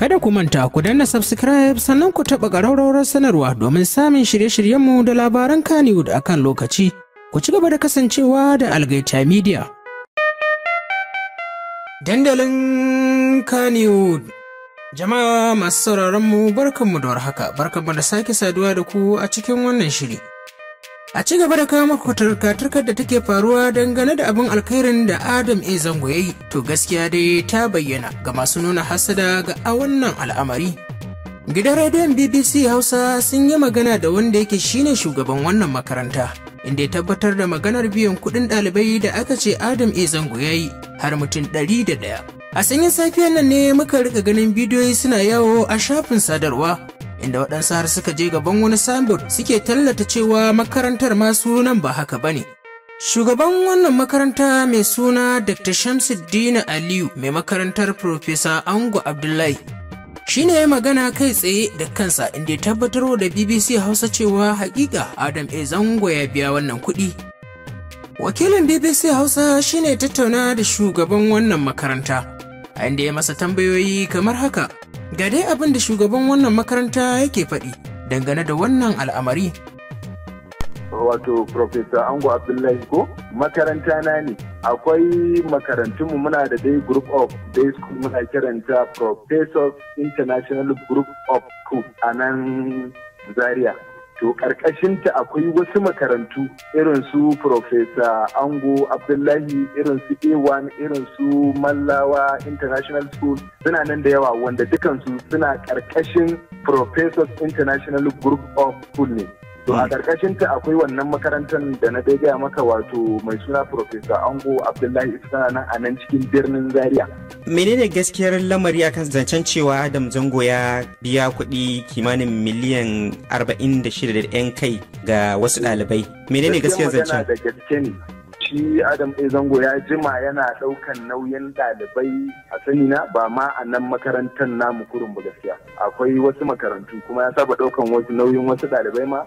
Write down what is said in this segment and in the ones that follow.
Kada ku manta ku danna subscribe sannan ku taɓa garaurawar sanarwa domin samun shirye-shiryenmu da labaran Kannywood akan lokaci. Ku ci gaba da kasancewa da Algaita Media. Dandalin Kannywood Jama'a masu sauraronmu barkanmu da warhaka, barkanku da sake saduwa da ku a cikin wannan shiri. a ci gaba da kawo maku turka da take faruwa dangane da abin alkhairin da adam a zango ya yi to gaskiya dai ta bayyana ga masu nuna hasada ga a wannan al'amari gidan rediyon bbc hausa sun yi magana da wanda yake shine shugaban wannan makaranta inda ya tabbatar da maganar biyan kuɗin ɗalibai da aka ce adam a zango ya yi har mutum ɗari da ɗaya. a sanyin safiyar nan ne muka rika ganin bidiyoyi suna yawo a shafin sadarwa inda waɗansu har suka je gaban wani sambur suke tallata cewa makarantar ma sunan ba haka ba ne. Shugaban wannan makaranta mai suna Dr. Shamsuddin Aliyu mai makarantar Profesa Ango Abdullahi shi ne magana kai tsaye da kansa inda ya tabbatar da BBC Hausa cewa hakika Adam A. Zango ya biya wannan kuɗi. Wakilin BBC Hausa shi ne tattauna da shugaban wannan makaranta, inda ya masa tambayoyi kamar haka. Ga dai abin da shugaban wannan makaranta yake faɗi dangane da wannan al'amari. Wato, Profesa Ango Abdullahi ko makaranta na ne, akwai makarantunmu muna da dai group of day school muna kiranta Professors International Group of School a nan Zaria. to ƙarƙashinta akwai wasu makarantu irin su Profesa Ango Abdullahi irin su A1 irin su Mallawa International School suna nan da yawa wanda dukansu suna ƙarƙashin Professors International Group of School ne. to a hmm. ƙarƙashin ta akwai wannan makarantar da na dai gaya maka wato mai suna Profesa Ango Abdullahi Isana nan a nan cikin birnin Zaria. Menene gaskiyar lamari akan zancen cewa Adam Zango ya biya kuɗi kimanin miliyan 46 da 'yan kai ga wasu ɗalibai? Menene gaskiyar zancen? da gaske ne. Shi Adam A. Zango ya jima yana ɗaukan nauyin ɗalibai a sanina ba ma a nan makarantar namu kurum ba gaskiya. Akwai wasu makarantu kuma ya saba ɗaukan wasu nauyin wasu ɗalibai ma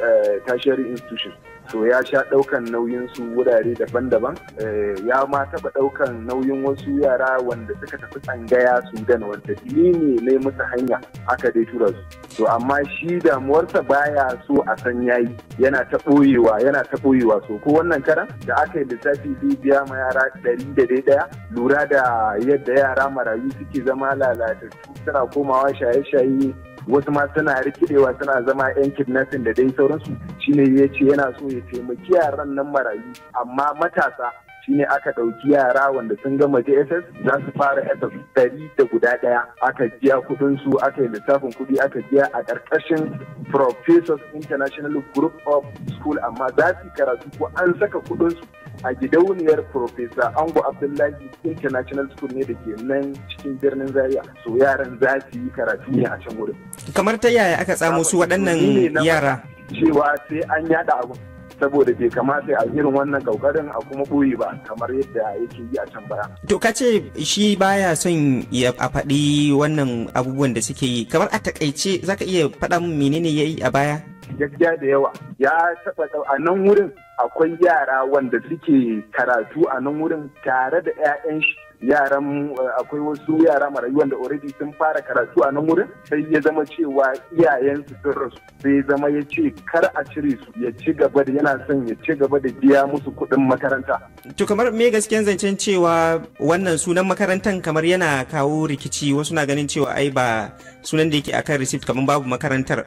Eh, tertiary institution to ya sha ɗaukan nauyin su wurare daban-daban eh, ya ma taɓa ɗaukan nauyin wasu yara wanda suka tafi tsangaya sudan wanda ne ne musu hanya aka dai tura su to amma shi damuwarsa baya so a san yayi yana ta boyewa yana ta ɓoyewa so ko wannan karan da aka yi lissafi zai biya ma yara ɗari da dai ɗaya lura da yadda yara marayu suke zama lalatattu suna komawa shaye-shaye wasu ma suna rikidewa suna zama yan kidnapping da dai sauransu shine ya ce yana so ya taimaki yaran nan marayu amma matasa shine aka ɗauki yara wanda sun gama JSS za su fara SS ɗari da guda ɗaya aka biya kuɗin su aka yi lissafin kuɗi aka biya a ƙarƙashin Professors International Group of School amma za su karatu ko an saka kuɗin su a gidauniyar Profesa Ango Abdullahi International School ne da ke nan cikin birnin Zaria. So yaran za su yi karatu ne a can wurin. Kamar ta yaya aka tsamo su waɗannan yara? Cewa sai an yada abu. saboda bai kamata a irin wannan kaukarin a kuma ɓoye ba kamar yadda yake yi a can bara. To ka ce shi baya son ya a faɗi wannan abubuwan da suke yi kamar a takaice zaka iya faɗa min menene ya yi a baya? Gaskiya da yawa ya taɓa a nan wurin akwai yara wanda suke karatu a nan wurin tare da 'ya'yan yaran eh, akwai wasu yara marayu wanda already sun fara karatu a nan wurin sai ya zama cewa iyayensu sun rasu sai zama ya ce kar a cire su ya ci gaba da yana son ya ci gaba da biya musu kuɗin makaranta. To kamar me gaskiyan zancen cewa wannan sunan makarantan kamar yana kawo rikici wasu na ganin cewa ai ba sunan da yake akan receipt kamar babu makarantar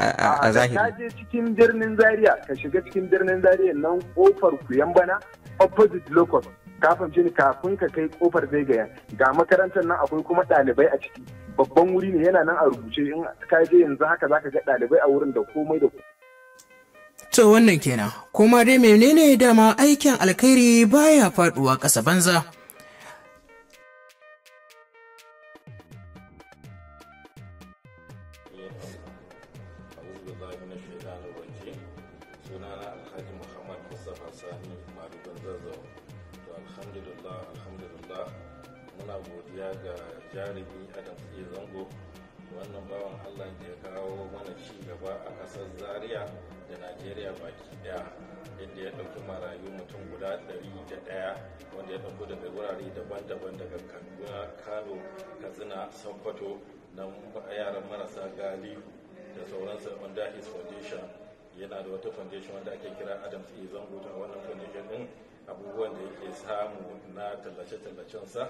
a zahiri ka je cikin birnin zaria ka shiga cikin birnin zaria nan kofar kuyan bana opposite locus kafin ni kafin ka kai kofar zai ga makarantar nan akwai kuma ɗalibai a ciki babban wuri ne yana nan a rubuce in ka je yanzu haka zaka ga ɗalibai a wurin da komai da To wannan kenan, kuma dai menene dama aikin alkhairi baya faduwa ƙasa banza. billahi min shaitan suna na alhaji muhammad mustapha sani maruban zazzau to alhamdulillah alhamdulillah muna godiya ga jarumi adam tsaye zango wannan bawan allah ya kawo mana ci gaba a ƙasar zaria da najeriya baki daya yadda ya ɗauki marayu mutum guda ɗari da ɗaya wanda ya ɗauko daga wurare daban-daban daga kaduna kano katsina sokoto na yaran marasa galihu da sauransa wanda his foundation yana da wata foundation wanda ake kira adams e zango ta wannan foundation din abubuwan da yake samu na tallace-tallacensa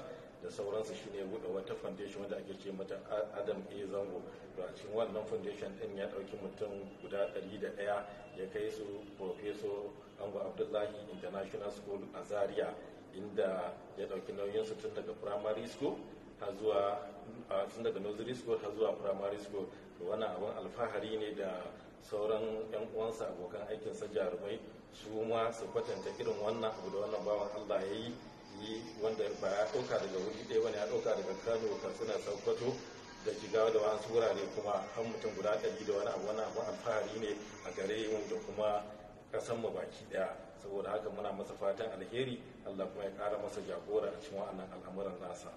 da sauransu shine buɗe wata foundation wanda ake ce mata adam a zango to a cikin wannan foundation din ya ɗauki mutum guda ɗari da ɗaya ya kai su professor ango abdullahi international school a zaria inda ya ɗauki su tun daga primary school har zuwa tun daga nursery school har zuwa primary school wani abin alfahari ne da sauran 'yan uwansa abokan aikin sa jarumai su ma su kwatanta irin wannan abu da wannan bawan allah ya yi wanda ba ya ɗauka daga wuri ɗaya bane ya ɗauka daga kano suna sokoto da jigawa da wani wurare kuma har mutum guda ɗari da wani abu wani abu alfahari ne a gare mu da kuma ƙasan mu baki ɗaya saboda haka muna masa fatan alheri allah kuma ya kara masa jagora a cikin wannan al'amuran nasa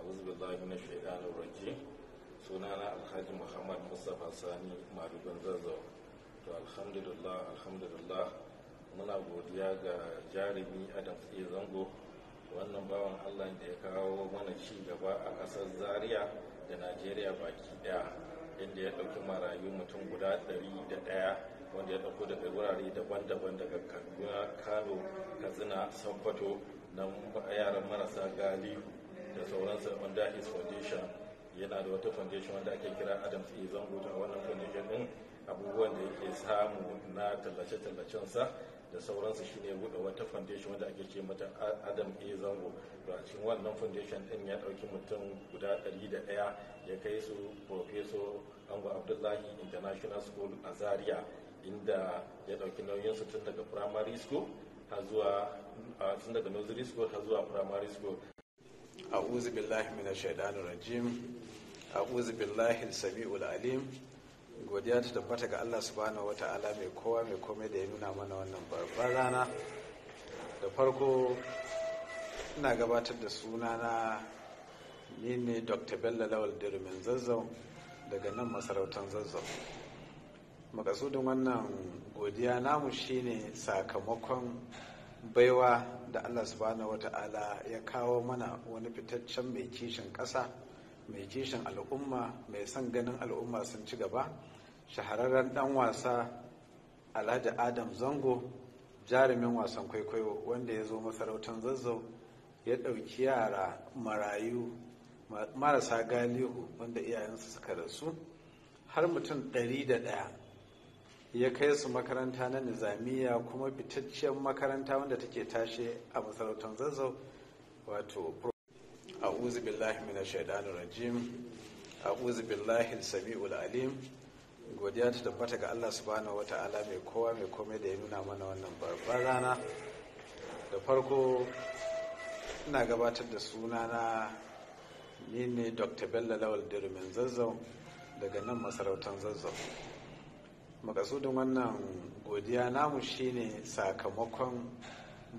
أعوذ بالله من الشيطان الرجيم sunana alhaji muhammad mustapha sani madugan zazzau to alhamdulillah alhamdulillah muna godiya ga jarumi adam tsaye zango wannan bawan allah da ya kawo mana ci gaba a ƙasar zaria da najeriya baki daya inda ya ɗauki marayu mutum guda ɗari da ɗaya wanda ya ɗauko daga wurare daban-daban daga kaduna kano katsina sokoto na yaran marasa galihu da sauransa wanda his foundation yana da wata foundation wanda ake kira adams e zango ta wannan foundation din abubuwan da yake samu na tallace-tallacensa da sauransu shine buɗe wata foundation wanda ake ce mata adam a zango to a cikin wannan foundation din ya ɗauki mutum guda ɗari da ɗaya ya kai su professor ango abdullahi international school a zaria inda ya ɗauki su tun daga primary school har zuwa tun daga nursery school har zuwa primary school أعوذ بالله rajim الشيطان الرجيم أعوذ بالله السميع ul'alim. godiya ta tabbata ga Allah subhanahu wata'ala mai kowa mai komai da ya nuna mana wannan babbar rana da farko ina gabatar da sunana ni ne dr bello lawal Dirimin zazzau daga nan masarautar zazzau makasudin wannan godiya namu shine sakamakon baiwa da allah subhanahu wata'ala ya kawo mana wani fitaccen mai kishin ƙasa mai kishin al'umma mai son ganin al'umma sun ci gaba shahararren dan wasa alhaji adam zango jarumin wasan kwaikwayo wanda ya zo masarautar zazzau ya ɗauki yara marayu marasa galihu wanda iyayensu suka rasu har mutum ɗari da ɗaya ya kai su makaranta na nizamiya kuma fitacciyar makaranta wanda take tashe a masarautar zazzau wato a'udhu billahi minash shaitanir rajim a'udhu billahi samiul alim godiya ta tabbata ga Allah subhanahu wata'ala mai kowa mai komai da ya nuna mana wannan babbar rana da farko ina gabatar da sunana ni ne dr bello lawal dirimin zazzau daga nan masarautar zazzau makasudin wannan godiya namu shine sakamakon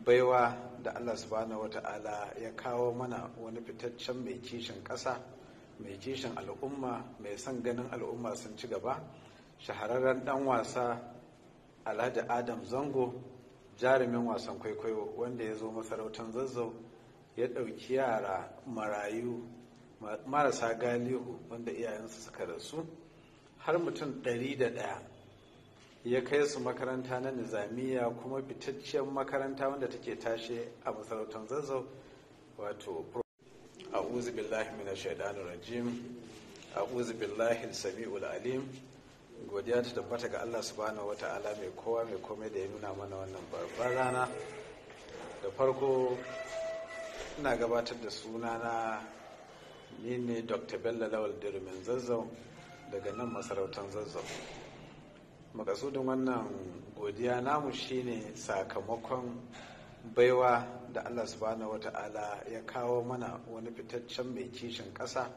baiwa da allah subhanahu wata'ala ya kawo mana wani fitaccen mai kishin ƙasa mai kishin al'umma mai son ganin al'umma sun ci gaba shahararren dan wasa alhaji adam zango jarumin wasan kwaikwayo wanda ya zo masarautar zazzau ya ɗauki yara marayu marasa galihu wanda iyayensu suka rasu har mutum ɗari da ɗaya ya kai su makaranta na nizamiya kuma fitacciyar makaranta wanda take tashe a masarautar zazzau wato a'udhu billahi minash shaitanir rajim a'udhu billahi samiul alim godiya ta tabbata ga Allah subhanahu wata'ala mai kowa mai komai da ya nuna mana wannan babbar rana da farko ina gabatar da sunana ni ne dr bello lawal Dirimin zazzau daga nan masarautar zazzau makasudin wannan godiya namu shine sakamakon baiwa da allah subhanahu wata'ala ya kawo mana wani fitaccen mai kishin ƙasa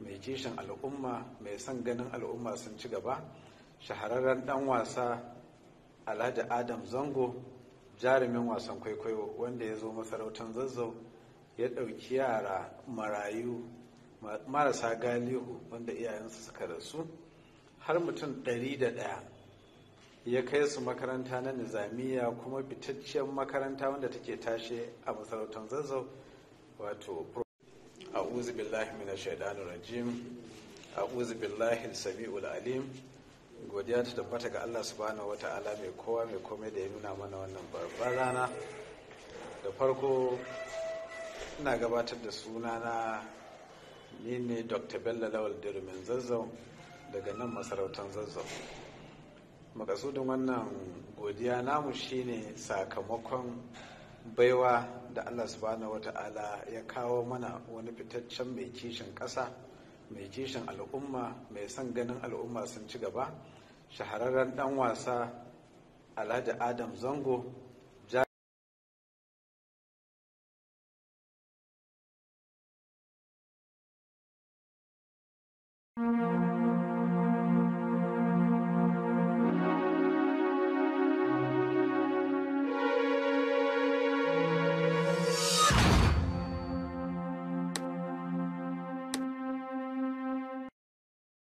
mai kishin al'umma mai son ganin al'umma sun ci gaba shahararren dan wasa alhaji adam zango jarumin wasan kwaikwayo wanda ya zo masarautar zazzau ya ɗauki yara marayu marasa galihu wanda iyayensu suka rasu har mutum ɗari da ɗaya ya kai su makaranta na nizamiya kuma fitacciyar makaranta wanda take tashe a masarautar zazzau wato a'udhu billahi minash shaidanu rajim a'udhu billahi samiul alim godiya ta tabbata ga Allah subhanahu ala mai kowa mai komai da ya nuna mana wannan babbar rana da farko ina gabatar da sunana ni ne dr bello lawal dirimin zazzau daga nan masarautar zazzau makasudin wannan godiya namu shine sakamakon baiwa da allah subhanahu wata'ala ya kawo mana wani fitaccen mai kishin ƙasa mai kishin al'umma mai son ganin al'umma sun ci gaba shahararren dan wasa alhaji adam zango